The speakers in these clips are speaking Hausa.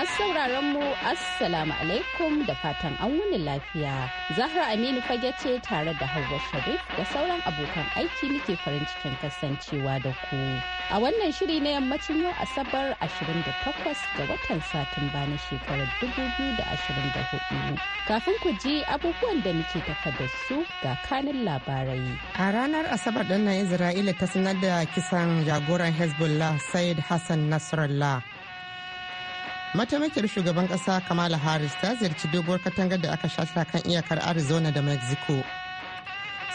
Masu sauraron mu Assalamu alaikum da fatan an wuni lafiya. Zahra Aminu fage ce tare da Hauwa Sharif da sauran abokan aiki muke farin cikin kasancewa da ku. A wannan shiri na yammacin yau Asabar 28 ga watan satin bana shekarar 2024. Kafin ku ji abubuwan da muke tafa da su ga kanin labarai. A ranar Asabar dinnan Isra'ila ta sanar da kisan jagoran Hezbollah Said Hassan Nasrallah. mataimakiyar shugaban kasa kamala harris ta ziyarci doguwar katangar da aka shata kan iyakar arizona da mexico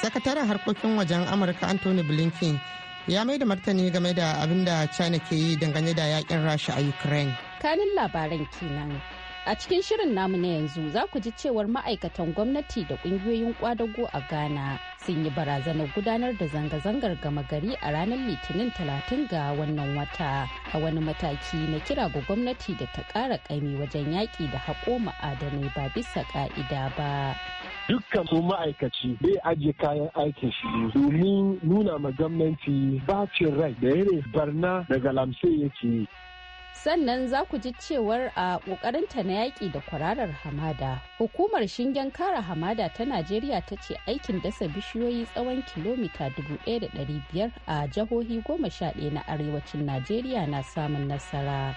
sakataren harkokin wajen amurka anthony blinken ya mai da martani game da abin da china ke yi dangane da yakin rasha a ukraine kanin labaran kenan A cikin shirin namu na yanzu za ku ji cewar ma'aikatan gwamnati da ƙungiyoyin ƙwadago a Ghana sun yi barazanar gudanar da zanga-zangar gama gari a ranar Litinin talatin ga wannan wata a wani mataki na kira ga gwamnati da ta ƙara ƙaimi wajen yaƙi da haƙo ma'adanai ba bisa ƙa'ida ba. Dukkan su ma'aikaci bai ajiye kayan aikin shi domin nuna ma gwamnati bacin rai da yare barna daga lamse yake sannan za ku ji cewar a ƙoƙarinta na yaƙi da kwararar hamada hukumar shingen kare hamada ta najeriya ta ce aikin dasa bishiyoyi tsawon kilomita 1,500 a jihohi 11 na arewacin najeriya na samun nasara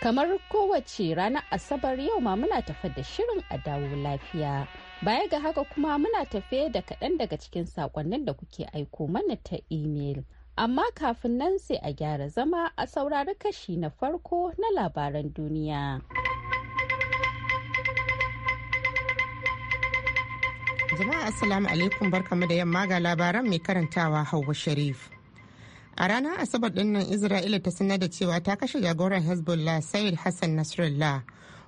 kamar kowace ranar asabar yau ma muna tafa da shirin a dawo lafiya baya ga haka kuma muna tafe da kaɗan daga cikin saƙonnin da kuke aiko mana ta imel. amma kafin nan sai a gyara zama a saurari kashi na farko na labaran duniya. Jama'a Assalamu alaikum barkamu da yamma ga labaran mai karantawa Hauwa Sharif. A ranar Asabar dinnan Isra'ila ta sanar da cewa ta kashe jagoran Hezbollah Sayyid Hassan Nasrallah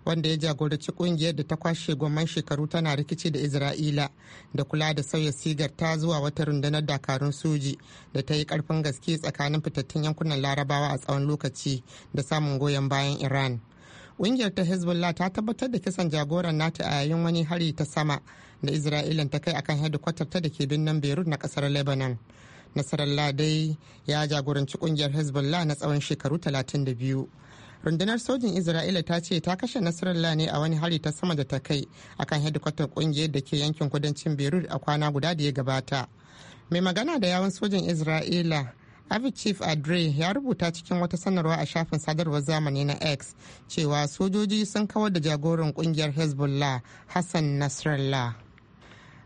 wanda ya jagoranci kungiyar da ta kwashe gwamman shekaru tana rikici da isra'ila da kula da sauya sigar ta zuwa wata rundunar dakarun soji da ta yi karfin gaske tsakanin fitattun yankunan larabawa a tsawon lokaci da samun goyon bayan iran ƙungiyar ta hezbollah ta tabbatar da kisan jagoran nata a yayin wani hari ta sama da isra'ilan ta kai akan hedikwatar ta da ke birnin beirut na kasar lebanon nasarar dai ya jagoranci kungiyar hezbollah na tsawon shekaru 32 rundunar sojin isra'ila ta ce ta kashe nasarallah ne a wani hari ta sama da ta kai akan hedikwatar kungiyar da ke yankin kudancin beirut a kwana guda da ya gabata mai magana da yawon sojin isra'ila chief Adre ya rubuta cikin wata sanarwa a shafin sadarwar zamani na X cewa sojoji sun kawar da jagoran kungiyar Hezbollah Hassan Nasrallah.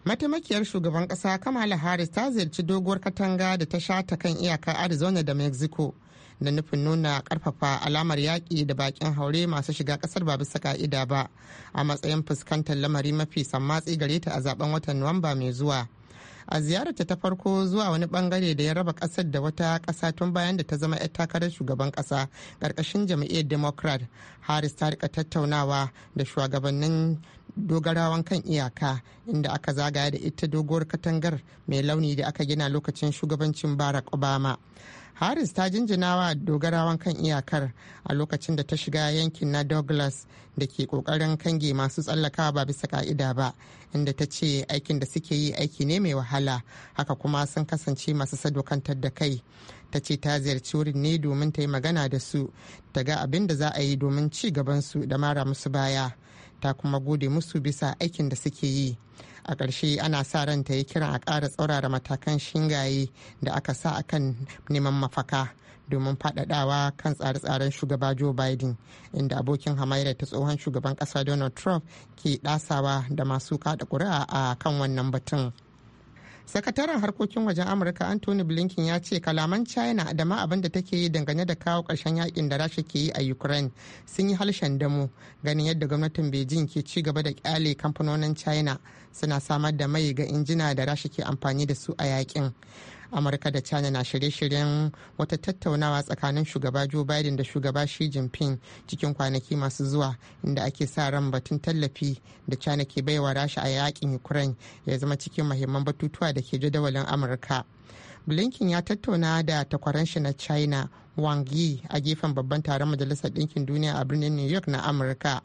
Mataimakiyar shugaban kasa Kamala Harris ta ziyarci doguwar katanga da ta sha ta kan iyakar Arizona da Mexico da nufin nuna karfafa alamar yaƙi da bakin haure masu shiga ƙasar ba bisa ka'ida ba a matsayin fuskantar lamari mafi sammatsi gare ta a zaben watan nuwamba mai zuwa a ziyararta ta farko zuwa wani bangare da ya raba kasar da wata kasa tun bayan da ta zama 'yar takarar shugaban kasa karkashin jam'iyyar democrat harris ta rika tattaunawa da shugabannin dogarawan kan iyaka inda aka zagaya da ita doguwar katangar mai launi da aka gina lokacin shugabancin barack obama harris ta jinjinawa wa dogarawan kan iyakar a lokacin da ta shiga yankin na douglas da ke kokarin kange masu tsallakawa ba bisa ka'ida ba inda ta ce aikin da suke yi aiki ne mai wahala haka kuma sun kasance masu sadokantar da kai ta ce ta ziyarci wurin ne domin ta yi magana da su ta ga abin da za a yi domin ci gaban su da mara musu baya ta kuma gode musu bisa aikin da suke yi a ƙarshe ana sa ran ta yi kiran a ƙara tsaurara matakan shingaye da aka sa a kan neman mafaka domin faɗaɗawa kan tsare-tsaren shugaba joe biden inda abokin hamayyar ta tsohon shugaban ƙasa donald trump ke ɗasawa da masu kaɗa ƙuri'a a kan wannan batun. sakataren harkokin wajen amurka anthony blinken ya ce kalaman china da ma abin da take yi dangane da kawo karshen yakin da rasha ke yi a ukraine sun yi halshen damu ganin yadda gwamnatin beijing ke ci gaba da kyale kamfanonin china suna samar da mai ga injina da rasha ke amfani da su a yakin amurka da china na shirye-shiryen wata tattaunawa tsakanin shugaba joe biden da shugaba shi jinping cikin kwanaki masu zuwa inda ake sa ran batun tallafi da china ke baiwa rasha a yakin ukraine ya zama cikin mahimman batutuwa da ke jadawalin amurka blinken ya tattauna da takwaran shi na china wang yi a gefen babban taron majalisar ɗinkin duniya a birnin new york na amurka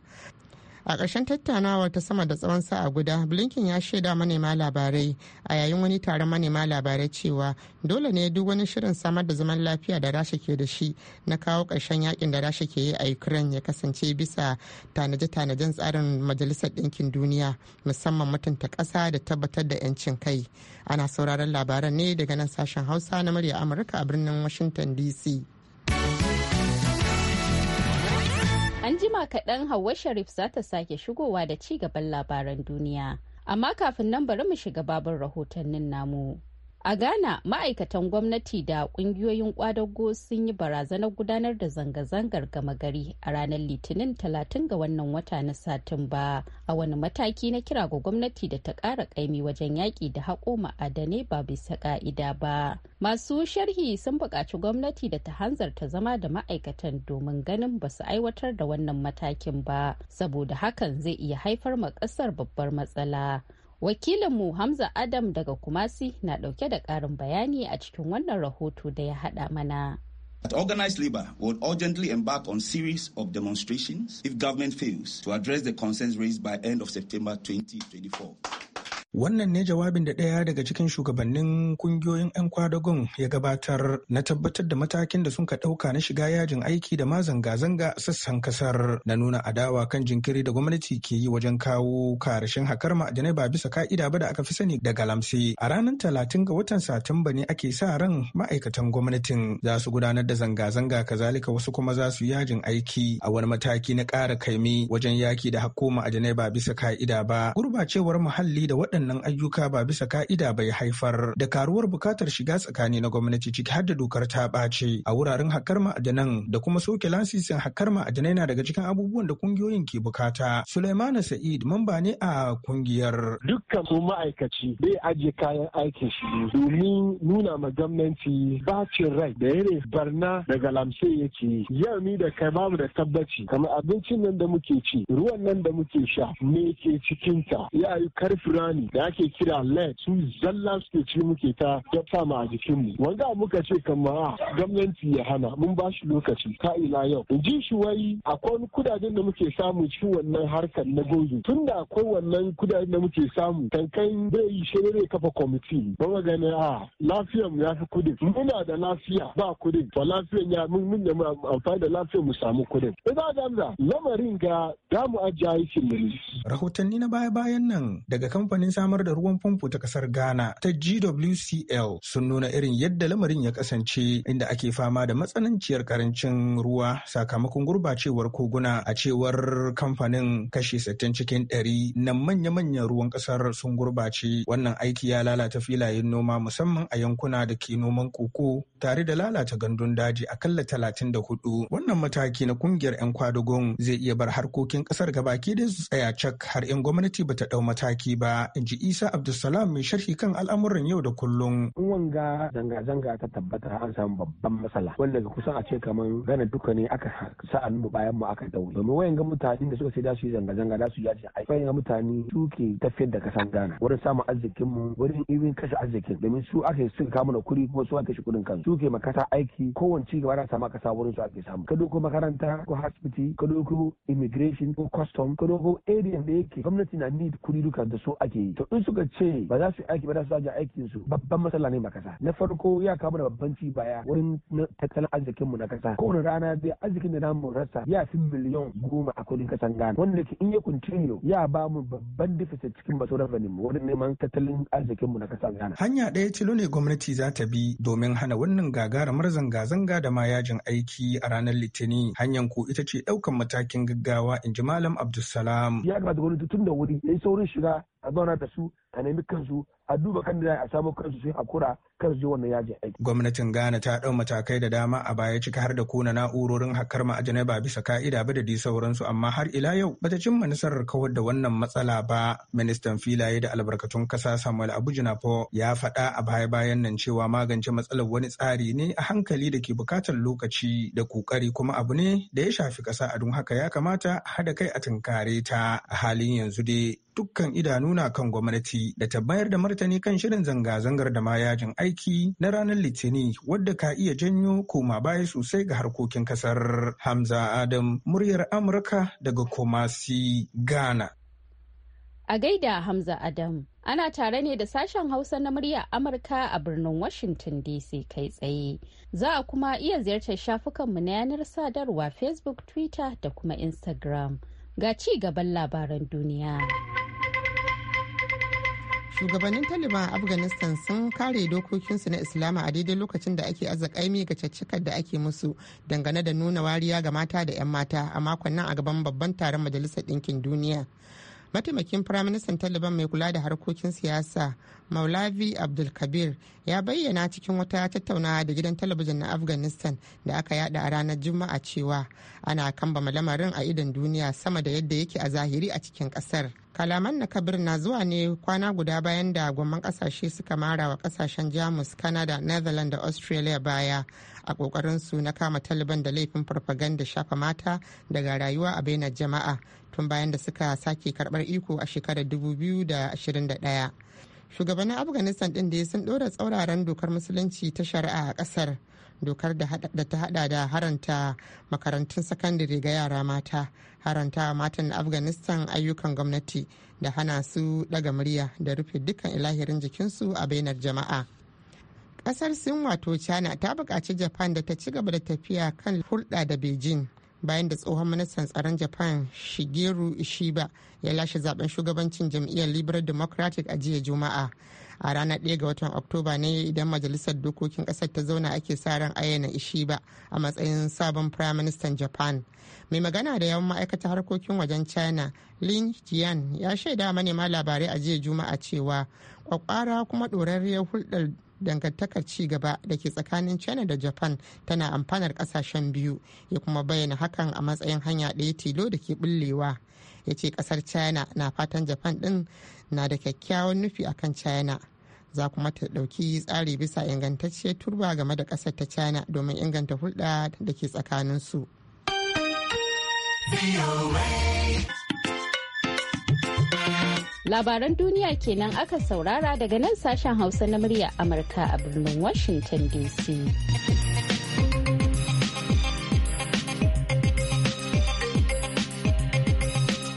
a ƙarshen tattaunawa ta sama da tsawon sa'a guda blinken ya shaida manema labarai a yayin wani taron manema labarai cewa dole ne duk wani shirin samar da zaman lafiya da rasha ke da shi na kawo ƙarshen yakin da rasha ke yi a ukraine ya kasance bisa tanaje-tanajen tsarin majalisar ɗinkin duniya musamman mutunta ƙasa da tabbatar da 'yancin kai ana sauraron labaran ne daga nan sashen hausa na murya amurka a birnin washington dc jima kaɗan Hauwa Sharif za ta sake shigowa da ci gaban labaran duniya. Amma kafin nan bari mu shiga babin rahotannin namu. A Ghana, ma'aikatan gwamnati da ƙungiyoyin ƙwadago sun yi barazanar gudanar da zanga-zangar gama gari a ranar Litinin Talatin ga wannan wata na satin ba. A wani mataki na kira ga gwamnati da ta ƙara ƙaimi wajen yaƙi da haƙo ma'adanai ba bisa ƙa'ida ba. Masu sharhi sun buƙaci gwamnati da ta hanzarta zama da ma'aikatan domin ganin ba su aiwatar da wannan matakin ba, saboda hakan zai iya haifar ma ƙasar babbar matsala. wakilinmu hamza adam daga kumasi na dauke da karin bayani a cikin wannan rahoto da ya hada mana At organized labor would urgently embark on series of demonstrations if government fails to address the concerns raised by end of September 2024. Wannan ne jawabin da ɗaya daga cikin shugabannin kungiyoyin 'yan kwadagon ya gabatar na tabbatar da matakin da sun ka ɗauka na shiga yajin aiki da ma zanga-zanga sassan kasar na nuna adawa kan jinkiri da gwamnati ke yi wajen kawo karashin hakar ma'adanai ba bisa ka'ida ba da aka fi sani da galamsi. A ranar talatin ga watan Satumba ne ake sa ran ma'aikatan gwamnatin za su gudanar da zanga-zanga kazalika wasu kuma za su yajin aiki a wani mataki na ƙara kaimi wajen yaki da hakko ma'adanai ba bisa ka'ida ba. Gurbacewar muhalli da waɗanda waɗannan ayyuka ba bisa ka'ida bai haifar da karuwar bukatar shiga tsakani na gwamnati ciki har da dokar ta ɓace a wuraren hakar ma'adanan da kuma soke lasisin hakar ma'adanai na daga cikin abubuwan da kungiyoyin ke bukata. Sulaimana Sa'id mamba ne a kungiyar. Dukkan su ma'aikaci bai ajiye kayan aikin shi domin nuna ma gwamnati bacin rai da yare barna daga lamse yake yi. da kai babu da tabbaci kamar abincin nan da muke ci ruwan nan da muke sha me ke cikinta ya yi karfi rani da ake kira led su zalla suke ci muke ta gafsa ma a jikinmu wanda muka ce kamar ah, gwamnati ya hana mun ba shi lokaci ka ila yau in ji shi wai akwai wani kudaden da muke samu cikin wannan harkar na gozu tun da akwai wannan kudaden da muke samu kankan bai yi shirere kafa kwamiti ba ma gani a ah, lafiyar ya fi kudin muna da lafiya ba kudin to lafiyar ya mun mun da amfani da lafiyar mu samu kudin idan gamza lamarin ga damu shi ne rahotanni na baya-bayan nan daga kamfanin samar da ruwan famfo ta kasar Ghana ta GWCL sun nuna irin yadda lamarin ya kasance inda ake fama da matsananciyar karancin ruwa sakamakon gurbacewar koguna a cewar kamfanin kashe 60 cikin 100 na manya-manyan ruwan kasar sun gurbace wannan aiki ya lalata filayen noma musamman a yankuna da ke noman koko tare da lalata gandun daji a akalla 34 wannan mataki na kungiyar 'yan kwadugun zai iya bar harkokin kasar gabaki da su tsaya cak har 'yan gwamnati bata ɗau mataki ba in ji Isa Abdulsalam mai sharhi kan al'amuran yau da kullum. In wanga zanga-zanga ta tabbata an samu babban matsala wanda kusan a ce kamar gana duka ne aka sa mu bayan mu aka dauri. Domin wayan ga mutane da suka sai da su yi zanga-zanga da su yi yaji ai wayan ga mutane su ke tafiyar da kasan gana wurin samun arzikin mu wurin irin kashe arzikin domin su aka su kama na kuri kuma su ake shi kuɗin kansu su ke makasa aiki kowane ci gaba na sama kasa wurin su ake samu ka doko makaranta ko hasbiti ka doko immigration ko custom ka doko area da yake gwamnati na need kuɗi duka da su ake yi to in suka ce ba za su aiki ba za su ajiye aikin su babban matsala ne makasa na farko ya kawo da babban ci baya wurin tattalin arzikin mu na kasa kowane rana zai arzikin da namu rasa ya fi miliyan goma a kudin kasan gana wanda ke in ya kuntiyo ya ba mu babban deficit cikin baso revenue mu wurin neman tattalin arzikin mu na kasan gana hanya ɗaya tilo ne gwamnati za ta bi domin hana wannan gagarumar zanga-zanga da ma yajin aiki a ranar litinin hanyar ko ita ce ɗaukan matakin gaggawa in ji malam abdulsalam ya kamata gwamnati tun da wuri ya yi saurin shiga a zauna da su a nemi kansu a duba kan da a samu kansu sai hakura kan je wannan yajin aiki. Gwamnatin Ghana ta ɗau matakai da dama a baya ciki har da kona na'urorin hakar ma'adanai ba bisa ka'ida ba da di sauransu amma har ila yau bata cimma nasarar kawar da wannan matsala ba. Ministan filaye da albarkatun kasa Samuel Abuja Abujinapo ya faɗa a baya bayan nan cewa magance matsalar wani tsari ne a hankali da ke buƙatar lokaci da kokari kuma abu ne da ya shafi ƙasa a don haka ya kamata haɗa kai a tunkare ta a halin yanzu dai dukkan idanu na kan gwamnati da ta bayar da martani kan shirin zanga-zangar da ma yajin aiki na ranar Litinin wadda ka iya janyo koma baya sosai ga harkokin kasar. Hamza Adam muryar Amurka daga Kumasi, Ghana. A gaida Hamza Adam. Ana tare ne da sashen Hausa na murya Amurka a birnin Washington DC kai tsaye. Za a kuma iya ziyartar shafukanmu na yanar sadarwa Facebook, Twitter da kuma Instagram. Ga ci gaban labaran duniya. shugabannin taliban a afghanistan sun kare dokokinsu na islama a daidai lokacin da ake azakaimi ga caccakar da ake musu dangane da nuna wariya ga mata da 'yan mata a makon nan a gaban babban taron majalisar ɗinkin duniya mataimakin firaministan taliban mai kula da harkokin siyasa maulavi abdulkabir ya bayyana cikin wata tattaunawa da gidan talabijin na afghanistan da aka yada a ranar juma'a cewa ana kambama lamarin a idon duniya sama da yadda yake a zahiri a cikin kasar kalaman na kabir na zuwa ne kwana guda bayan da gwamman kasashe suka mara wa kasashen jamus canada netherlands da australia baya a kokarin su na kama taliban da laifin farfaganda shafa mata daga rayuwa a bainar jama'a tun bayan da suka sake karbar iko a shekarar 2021 shugabannin afghanistan din da sun ɗora tsauraran dokar musulunci ta shari'a a ƙasar dokar da ta hada da haranta makarantun sakandare ga yara mata haranta matan afghanistan ayyukan gwamnati da hana su daga murya da rufe dukkan ilahirin jikinsu a bainar jama'a kasar sin wato china ta buƙaci japan da ta ci gaba da tafiya kan hulɗa da beijing bayan da tsohon ministan tsaron japan shigeru ishiba ya lashe zaben shugabancin jam'iyyar liberal democratic a jiya juma'a a ranar 1 ga watan oktoba ne idan majalisar dokokin kasar ta zauna ake sa ran ayyana ishiba a matsayin sabon prime minister japan mai magana da yawan ma'aikata harkokin wajen china lin jian ya shaida manema labarai a jiya juma'a cewa kwakwara kuma ɗorarriyar hulɗar dangantakar ci gaba da ke tsakanin china da japan tana amfanar kasashen biyu ya kuma bayyana hakan a matsayin hanya ɗaya tilo da ke bullewa ya ce kasar china na fatan japan ɗin na da kyakkyawan nufi akan china za kuma ta ɗauki tsari bisa ingantacciyar turba game da ƙasar ta china domin inganta hulɗa da ke tsakaninsu. su. Labaran duniya kenan aka saurara daga nan sashen Hausa na murya Amurka a birnin Washington DC.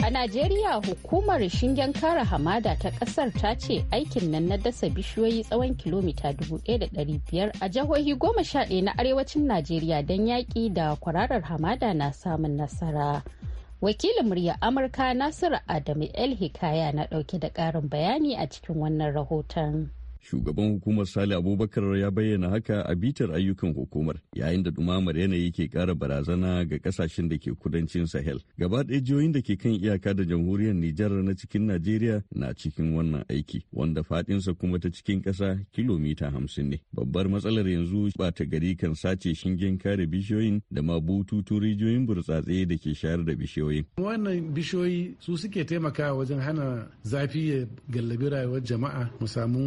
a Najeriya hukumar shingen kare hamada ta kasar ta ce aikin nan na dasa bishiyoyi tsawon kilomita 1,500 a jihohi goma sha ɗaya na arewacin Najeriya don yaƙi da kwararar hamada na samun nasara. wakilin murya amurka nasiru adamu el hikaya na dauke da karin bayani a cikin wannan rahoton shugaban hukumar sale abubakar ya bayyana haka a bitar ayyukan hukumar yayin da dumamar yanayi ke kara barazana ga kasashen da ke kudancin sahel gaba ɗaya jihohin da ke kan iyaka da jamhuriyar nijar na cikin najeriya na cikin wannan aiki wanda faɗinsa kuma ta cikin ƙasa kilomita hamsin ne babbar matsalar yanzu ɓata gari kan sace shingen kare bishiyoyin da ma bututun rijiyoyin burtsatse da ke shayar da bishiyoyin wannan bishiyoyi su suke taimakawa wajen hana zafi ya gallabi rayuwar jama'a mu samu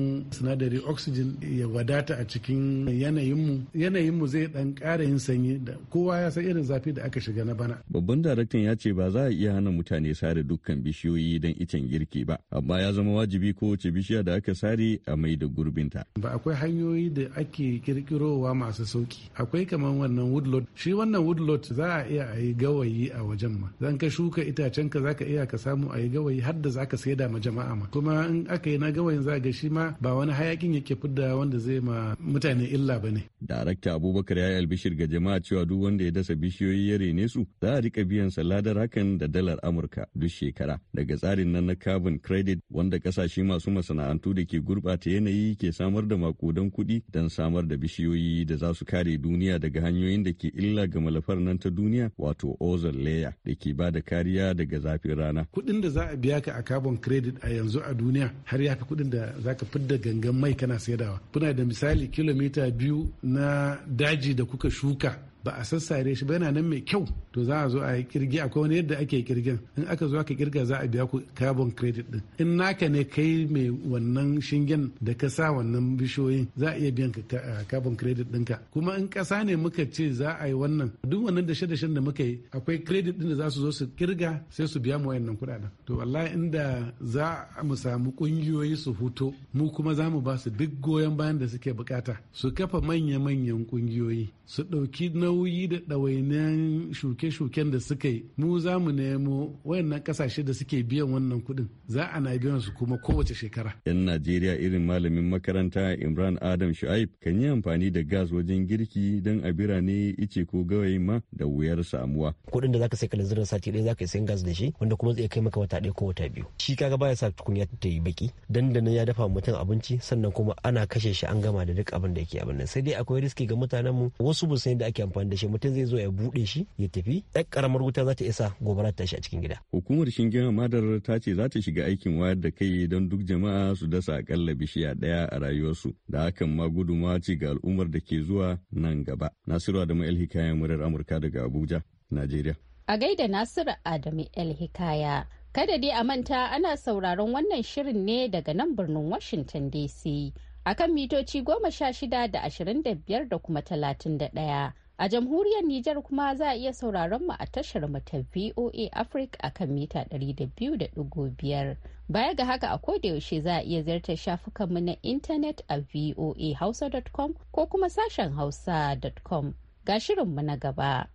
sinadarin oxygen ya wadata a cikin yanayinmu yanayinmu zai dan kara yin sanyi da kowa ya san irin zafi da aka shiga na bana babban daraktan ya ce ba za a iya hana mutane sare dukkan bishiyoyi don icen girki ba amma ya zama wajibi kowace bishiya da aka sare a mai da gurbinta ba akwai hanyoyi da ake kirkirowa masu sauki akwai kamar wannan woodlot shi wannan woodlot za a iya a yi gawayi a wajen ma zan ka shuka itacen ka zaka iya ka samu a yi gawayi har da zaka saida ma jama'a ma kuma in aka yi na gawayin za ga shi ma ba wani hayakin yake fidda wanda zai ma mutane illa ba ne. Darakta Abubakar ya yi albishir ga jama'a cewa duk wanda ya dasa bishiyoyi ya rene su za a rika biyan ladar hakan da dalar Amurka duk shekara daga tsarin nan na carbon credit wanda kasashe masu masana'antu da ke gurɓata yanayi ke samar da makudan kuɗi don samar da bishiyoyi da za su kare duniya daga hanyoyin da ke illa ga malafar nan ta duniya wato ozone layer da ke ba da kariya daga zafin rana. Kuɗin da za a biya ka a carbon credit a yanzu a duniya har ya fi kuɗin da za ka fidda ganga idan mai kana saidawa kuna da misali kilomita biyu na daji da kuka shuka ba a sassare shi ba yana nan mai kyau to za a zo a yi kirgi akwai wani yadda ake kirgin in aka zo aka kirga za a biya ku carbon credit din in naka ne kai mai wannan shingen da ka sa wannan bishiyoyin za a iya biyan ka ah, carbon credit ɗinka kuma in ƙasa ne muka ce za a yi wannan duk wannan da dashen da muka yi akwai credit din da za su zo su kirga sai su biya mu wayannan kuɗaɗen to wallahi inda za mu samu ƙungiyoyi su huto mu kuma za mu ba su duk goyon bayan da suke bukata su kafa manya-manyan ƙungiyoyi su ɗauki nauyi da ɗawainan shuke-shuken da suka yi mu za mu nemo wayannan kasashe da suke biyan wannan kuɗin za a na biyan su kuma kowace shekara. Yan Najeriya irin malamin makaranta Imran Adam Shu'aib kan yi amfani da gas wajen girki don a birane ice ko gawayi ma da wuyar samuwa. Kuɗin da zaka sai kalanzirin sati ɗaya zaka sayan gas da shi wanda kuma zai kai maka wata ɗaya ko wata biyu. Shi kaga baya sa tukunya ta yi baki dandanan ya dafa mutum abinci sannan kuma ana kashe shi an gama da duk abin da yake abin nan sai dai akwai riski ga mutanenmu wasu bu san da ake amfani amfani da shi mutum zai zo ya buɗe shi ya tafi ɗan ƙaramar wuta za ta isa gobara ta shi a cikin gida. Hukumar shingen hamadar ta ce za ta shiga aikin wayar da kai don duk jama'a su dasa akalla bishiya ɗaya a rayuwarsu da hakan ma guduma ce ga al'ummar da ke zuwa nan gaba. Nasiru Adamu El Hikaya murar Amurka daga Abuja, Najeriya. A gaida Nasiru Adamu El Hikaya. Kada dai a manta ana sauraron wannan shirin ne daga nan birnin Washington DC. akan mitoci goma sha shida da ashirin da biyar da kuma talatin da ɗaya. A jamhuriyar Nijar kuma za a iya sauraron mu a tashar mu ta VOA Africa a kan mita 200.5. Baya ga haka a yaushe za a iya ziyartar shafukanmu na intanet a voahausa.com ko kuma sashen hausa.com. Ga shirinmu na gaba.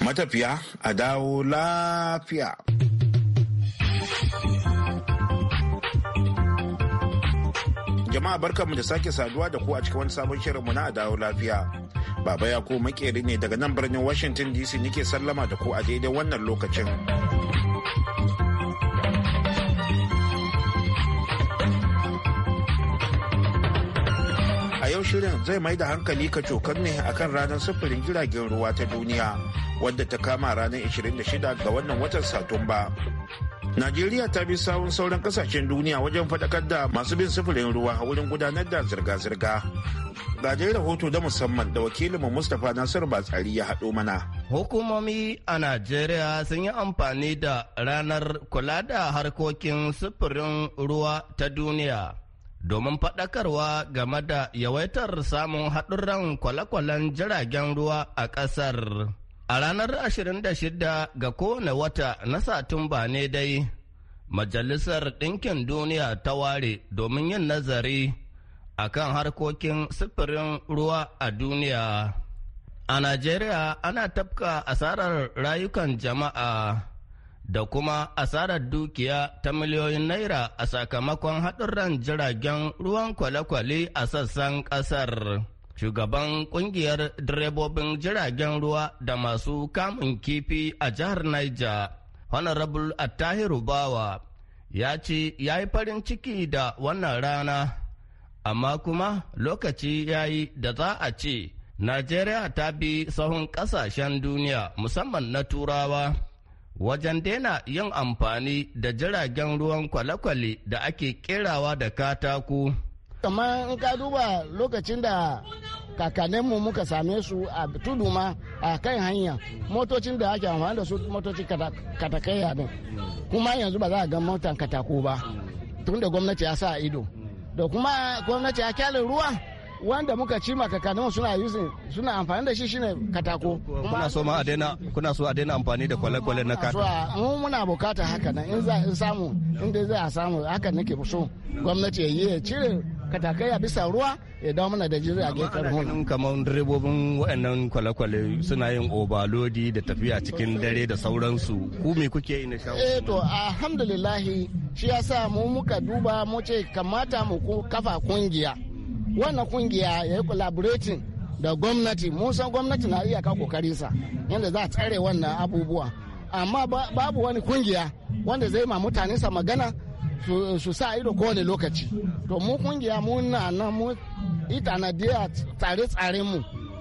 Matafiya a dawo lafiya. Jama'a barkanmu da sake saduwa da ku a cikin wani sabon shirinmu na a dawo lafiya. Baba ya ko makeri ne daga nan birnin Washington DC nike sallama da ku a daidai wannan lokacin. a yau shirin zai mai da hankali kacokan ne akan ranar sufurin jiragen ruwa ta duniya wadda ta kama ranar 26 ga wannan watan satumba najeriya ta bi sawun sauran kasashen duniya wajen faɗakar da masu bin sufurin ruwa a wurin gudanar da zirga-zirga Gajiyar rahoto da musamman da wakilinmu Mustapha Nasiru Batsari ya haɗo mana. Hukumomi a Najeriya sun yi amfani da ranar kula da harkokin sufurin ruwa ta duniya domin faɗakarwa game da yawaitar samun haɗurran kwale-kwalen jiragen ruwa a ƙasar. A ranar 26 ga kowane wata na Satumba ne dai, Majalisar Ɗinkin Duniya ta ware domin yin nazari akan harkokin sufurin ruwa a duniya. A Najeriya ana tafka asarar rayukan jama'a da kuma asarar dukiya ta miliyoyin naira a sakamakon haɗurran jiragen ruwan kwale-kwale a sassan ƙasar. Shugaban ƙungiyar direbobin jiragen ruwa da masu kamun kifi a jihar Niger, Honorable Attahiru Bawa, ya ce ya yi farin ciki da wannan rana. amma kuma lokaci ya yi da za a ce najeriya ta bi sahun ƙasashen duniya musamman na turawa wajen daina yin amfani da jiragen ruwan kwale-kwale da ake kerawa da katako kamar in ka duba lokacin da kakanninmu muka same su a tudu ma a kan hanya motocin da ake amfani da su motocin katakaiya ne kuma yanzu ba za a ga motan katako ba tun da gwamnati ya sa ido da kuma gwamnati a kyalin ruwa wanda muka ci kakannin suna using suna amfani da shi shine katako kuna so ma a daina kuna so adena amfani da kwale-kwale na kata mu muna bukata haka nan in za in samu inda zai samu haka nake so gwamnati ya yi ya cire katakai a bisa ruwa ya dawo mana da jirgin a gefen hulu kamar direbobin waɗannan kwale-kwale suna yin obalodi da tafiya cikin dare da sauransu ku me kuke na shawo eh to alhamdulillahi shi sa mu muka duba mu ce kamata mu kafa kungiya wannan kungiya ya yi collaborating da gwamnati mun san gwamnati na iya kokarin sa yadda za a tsare wannan abubuwa amma babu wani kungiya wanda zai ma mutanensa magana su sa ido kowane lokaci to mu kungiya mu na nan mu ita na diya tsare mu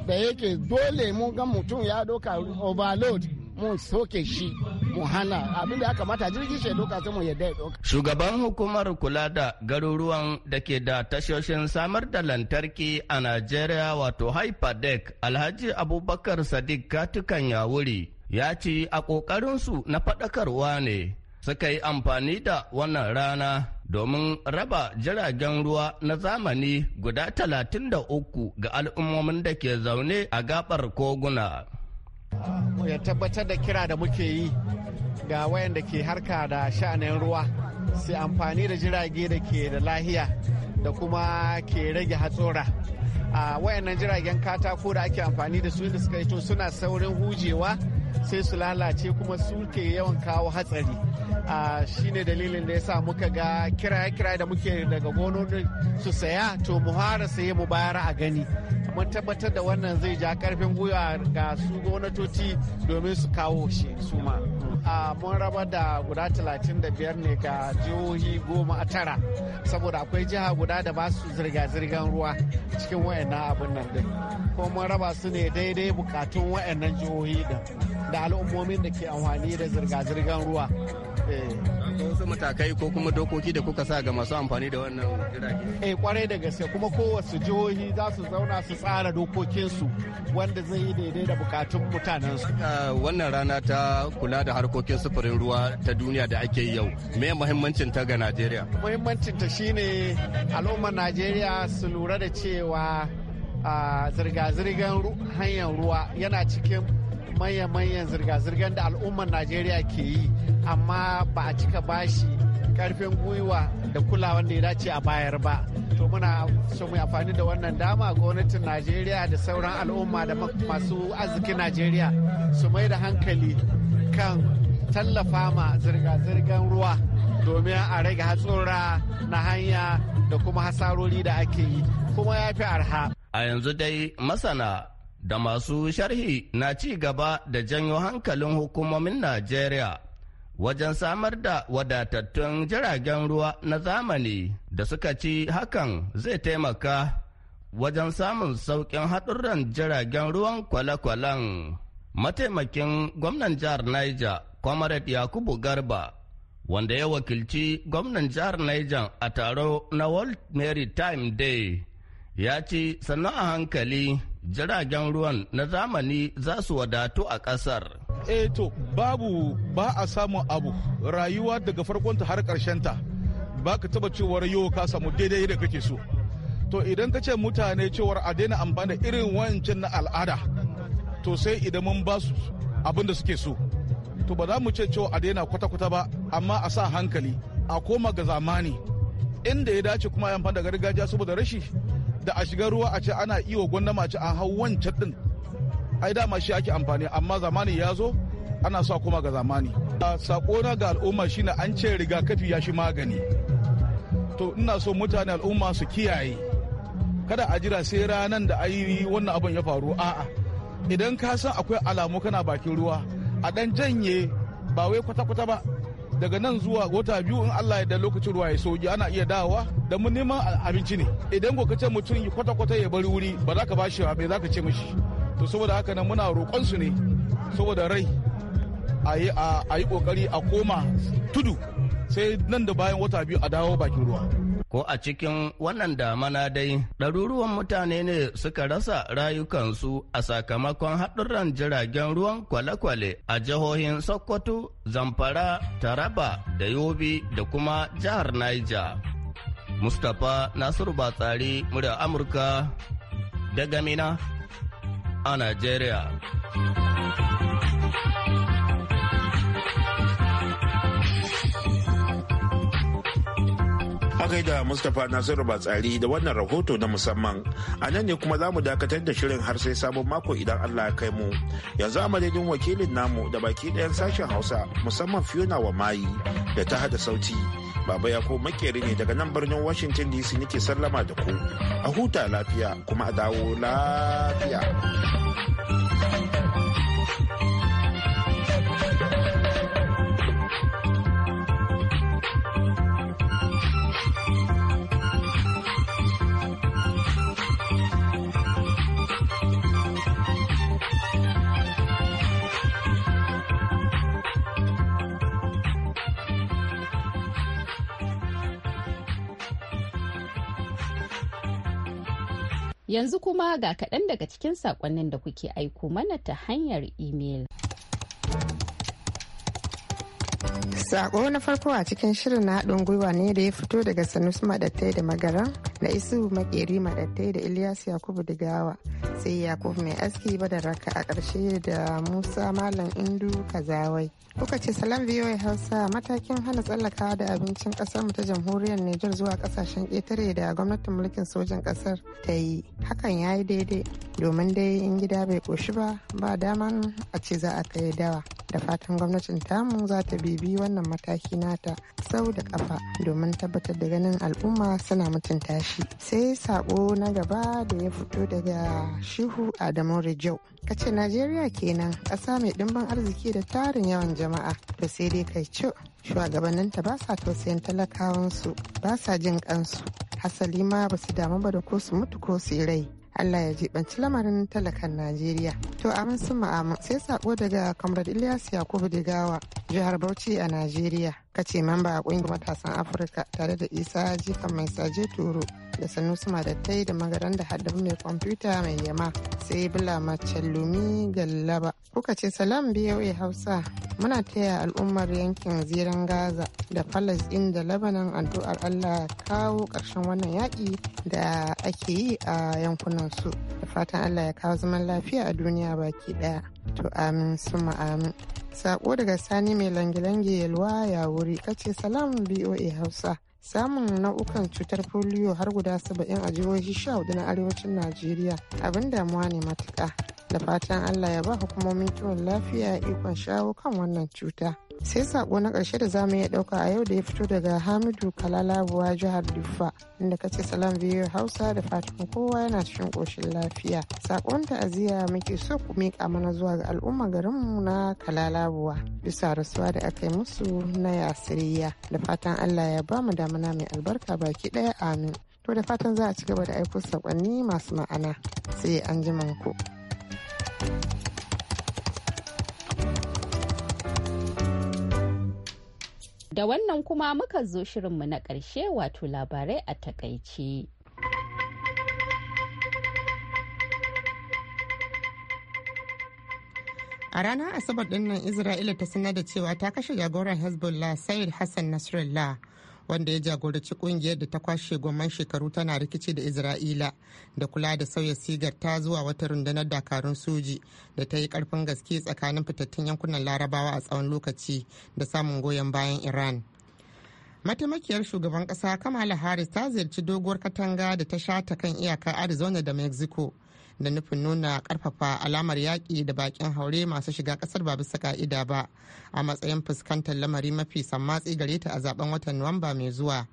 da yake dole mu ga mutum ya doka overload mu soke shi mu hana abinda ya kamata jirgin shi doka sai mu yadda ya doka. Shugaban hukumar kula da garuruwan da ke da tashoshin samar da lantarki a Najeriya wato Hyperdeck Alhaji Abubakar Sadiq Katukan Yawuri ya ci a ƙoƙarinsu na faɗakarwa ne suka yi amfani da wannan rana domin raba jiragen ruwa na zamani guda 33 ga al'ummomin da ke zaune a gabar koguna. ya tabbatar da kira da muke yi ga wayanda ke harka da sha'anin ruwa sai amfani da jirage da ke da lahiya da kuma ke rage hatsora a wayannan jiragen katako da ake amfani da su da suka suna saurin hujewa sai su lalace kuma su ke yawan kawo hatsari shi ne dalilin da ya sa muka ga kira kira da muke daga gononin su saya to mu hara saye mu bayar a gani mun tabbatar da wannan zai ja karfin gwiwa ga su gwamnatoci domin su kawo shi su ma mun raba da guda 35 ne ga jihohi goma a tara saboda akwai jiha guda da ba su zirga-zirgan ruwa cikin wayannan abin nan din ko mun raba su ne daidai bukatun wayannan jihohi da al'ummomin da ke amfani da zirga-zirgan ruwa Eh, wasu matakai ko kuma dokoki da kuka sa ga masu amfani da wannan jirage. Eh kwarai da gaske kuma kowace jihohi za su zauna su tsara dokokinsu wanda zai yi daidai da bukatun mutanensu. Wannan rana ta kula da harkokin sufurin ruwa ta duniya da ake yi yau. Me muhimmancin ta ga Najeriya? Muhimmancin ta shine al'ummar Najeriya su lura da cewa ah, zirga-zirgar hanyar ruwa yana cikin manya-manyan zirga-zirgar da al'ummar najeriya ke yi amma ba a cika bashi karfin gwiwa da kulawan da ya dace a bayar ba to muna so mu amfani da wannan dama gwamnatin najeriya da sauran al'umma da masu arzikin najeriya su mai da hankali kan tallafa ma zirga-zirgar ruwa domin a rage hatsura na hanya da kuma hasarori da ake yi kuma ya fi arha a yanzu dai masana da masu sharhi na ci gaba da janyo hankalin hukumomin Najeriya wajen samar da wadatattun jiragen ruwa na zamani da suka ci hakan zai taimaka wajen samun sauƙin haɗurran jiragen ruwan kwale-kwalen. Mataimakin gwamnan jihar Niger, Comrade Yakubu Garba, wanda ya wakilci gwamnan jihar Niger a taro na World Maritime Day, ya ci sannu a hankali jiragen ruwan na zamani za su wadatu a ƙasar. eh to babu ba a samun abu rayuwa daga farkonta har ta ba ka taba cewar yau ka samu daidai da kake so to idan ka ce mutane cewar a daina amfani irin wancan na al'ada to sai idan mun ba su abin da suke so to ba za mu ce cewa a daina kwata-kwata ba amma a sa hankali a koma ga zamani inda ya dace kuma amfani da gargajiya saboda rashi da a shiga ruwa a ce ana iyo gwandama ce an hau wancan din ai dama shi ake amfani amma zamani ya zo ana sa kuma ga zamani sako na ga al'umma shine an ce rigakafi ya shi magani to ina so mutane al'umma su kiyaye kada a jira sai ranan da ayi wannan abin ya faru a'a idan ka san akwai alamu kana bakin ruwa a dan janye ba wai kwata-kwata ba daga nan zuwa wata biyu in Allah ya da lokacin ruwa ya soji ana iya dawowa da mu neman abinci ne idan ko kace mutum kwata-kwata ya bari wuri ba za ka bashi ba me za ka ce mishi to saboda haka nan muna roƙon su ne saboda rai a yi kokari a koma tudu sai nan da bayan wata biyu a dawo bakin ruwa Ko a cikin wannan damana dai, ɗaruruwan mutane ne suka rasa rayukansu a sakamakon haɗurran jiragen ruwan kwale-kwale a jihohin Sokoto, Zamfara, Taraba da Yobe da kuma jihar Niger. Mustapha Nasiru Batsari, murya Amurka, daga Mina a Najeriya. gaida Mustapha Nasiru tsari da wannan rahoto na musamman. A nan ne kuma za mu dakatar da shirin har sai sabon mako idan Allah ya kai mu. Yanzu a madadin wakilin namu da baki ɗayan sashen Hausa musamman Fiona wa Mayi da ta hada sauti. Baba Yako makeri ne daga nan birnin Washington DC nake sallama da ku. A huta lafiya kuma a dawo lafiya. Yanzu kuma ga kaɗan daga cikin saƙonnin da kuke aiko mana ta hanyar imel. Sako na farko a cikin shirin na haɗin gwiwa ne da ya fito daga Sanusi Maɗattai da Magaran na isu makeri madattai da ilyas yakubu digawa sai yakubu mai aski ba da raka a ƙarshe da musa malam indu kazawai kuka ce salam voa hausa matakin hana tsallaka da abincin ƙasar mu ta jamhuriyar niger zuwa ƙasashen ƙetare da gwamnatin mulkin sojan ƙasar ta yi hakan ya yi daidai domin dai in gida bai ƙoshi ba ba daman a ce za a kai dawa da fatan gwamnatin tamu za ta bibi wannan mataki nata sau da ƙafa domin tabbatar da ganin al'umma suna mutunta shi shi sai sako na gaba da ya fito daga shihu adamu rijau ka ce najeriya kenan ƙasa mai ɗimbin arziki da tarin yawan jama'a to sai dai kai ci shugabanninta ba sa tausayin talakawansu ba sa jin kansu hasali ma ba su damu ba da ko su mutu ko su rai Allah ya jibanci lamarin talakan Najeriya. To amin sun ma'amu sai sako daga Kamrad Ilyas Yakubu Digawa, jihar Bauchi a Najeriya. ce mamba a kungiyar matasan afirka tare da isa jifan mai saje turu da ma dattai da magaran da haddun mai kwamfuta mai yama sai bula macen lumi gallaba kuka ce salam boa hausa muna taya al'ummar yankin ziran gaza da palestine da labanan addu'ar allah kawo ƙarshen wannan yaƙi da ake yi a yankunan su da fatan allah ya kawo zaman lafiya a duniya baki ɗaya To amin suma amin. Sako daga Sani mai langilangi yalwa ya wuri kace salam BOA Hausa. Samun nau'ukan cutar polio har guda saba'in a jihohi sha hudu na arewacin Najeriya abin damuwa ne matuƙa. da fatan allah ya ba hukumomin kiwon lafiya ikon shawo kan wannan cuta sai sako na ƙarshe da zamu iya ɗauka a yau da ya fito daga hamidu kalalabuwa jihar dufa inda kace ce salam biyu hausa da fatan kowa yana cikin ƙoshin lafiya sakon aziya muke so ku miƙa mana zuwa ga al'umma garinmu na kalalabuwa bisa rasuwa da aka yi musu na yasiriya da fatan allah ya ba mu damuna mai albarka baki ɗaya amin to da fatan za a ci gaba da aiko saƙonni masu ma'ana sai an ji ku. Da wannan kuma muka zo shirinmu na ƙarshe wato labarai a takaice. A ranar Asabar ɗinnan Isra'ila ta sanar da cewa ta kashe jagoran Hezbollah Sayyid Hassan Nasrallah wanda ya jagoranci kungiyar da ta kwashe gomman shekaru tana rikici da isra'ila da kula da sauya sigar ta zuwa wata rundunar dakarun soji da ta yi karfin gaske tsakanin fitattun yankunan larabawa a tsawon lokaci da samun goyon bayan iran mataimakiyar shugaban kasa kamala harris ta ziyarci doguwar katanga da ta shata kan iyakar arizona da mexico da nufin nuna karfafa alamar yaƙi da bakin haure masu shiga ƙasar ba bisa ka'ida ba a matsayin fuskantar lamari mafi sammatsi gare ta a zaben watan nuwamba mai zuwa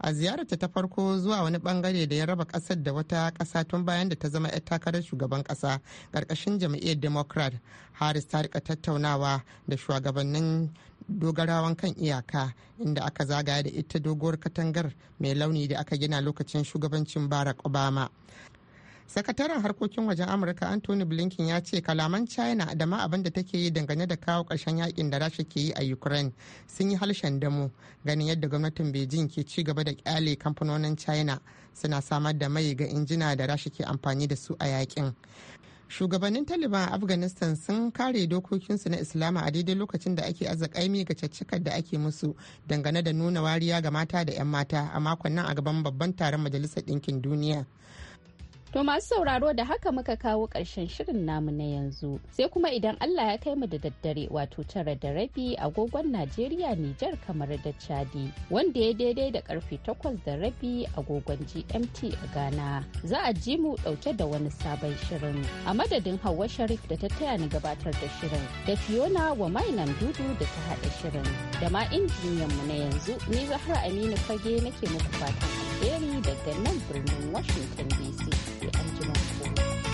a ziyararta ta farko zuwa wani bangare da ya raba kasar da wata kasa tun bayan da ta zama 'yar takarar shugaban kasa karkashin jam'iyyar democrat harris ta rika tattaunawa da shugabannin dogarawan kan iyaka inda aka zagaya da ita doguwar katangar mai launi da aka gina lokacin shugabancin barack obama sakataren harkokin wajen amurka anthony blinken ya ce kalaman china da ma abin da take yi dangane da kawo karshen yakin da rasha ke yi a ukraine sun yi harshen damu ganin yadda gwamnatin beijing ke ci gaba da kyale kamfanonin china suna samar da mai ga injina da rasha ke amfani da su a yakin shugabannin taliban a afghanistan sun kare dokokinsu na islama a daidai lokacin da ake kaimi ga caccakar da ake musu dangane da nuna wariya ga mata da 'yan mata a makon nan a gaban babban taron majalisar ɗinkin duniya To masu sauraro da haka muka kawo ƙarshen shirin namu na yanzu. Sai kuma idan Allah ya kai mu da daddare wato tara da rabi agogon Najeriya Nijar kamar da Chadi wanda ya daidai da karfe takwas da rabi agogon GMT a Ghana. Za a ji mu ɗauke da wani sabon shirin. A madadin Hauwa Sharif da ta taya ni gabatar da shirin da Fiona wa mainan dudu da ta haɗa shirin da ma injiniyan mu na yanzu ni Zahra Aminu Fage nake muku fatan alheri da daga nan birnin Washington DC sai an jima ku.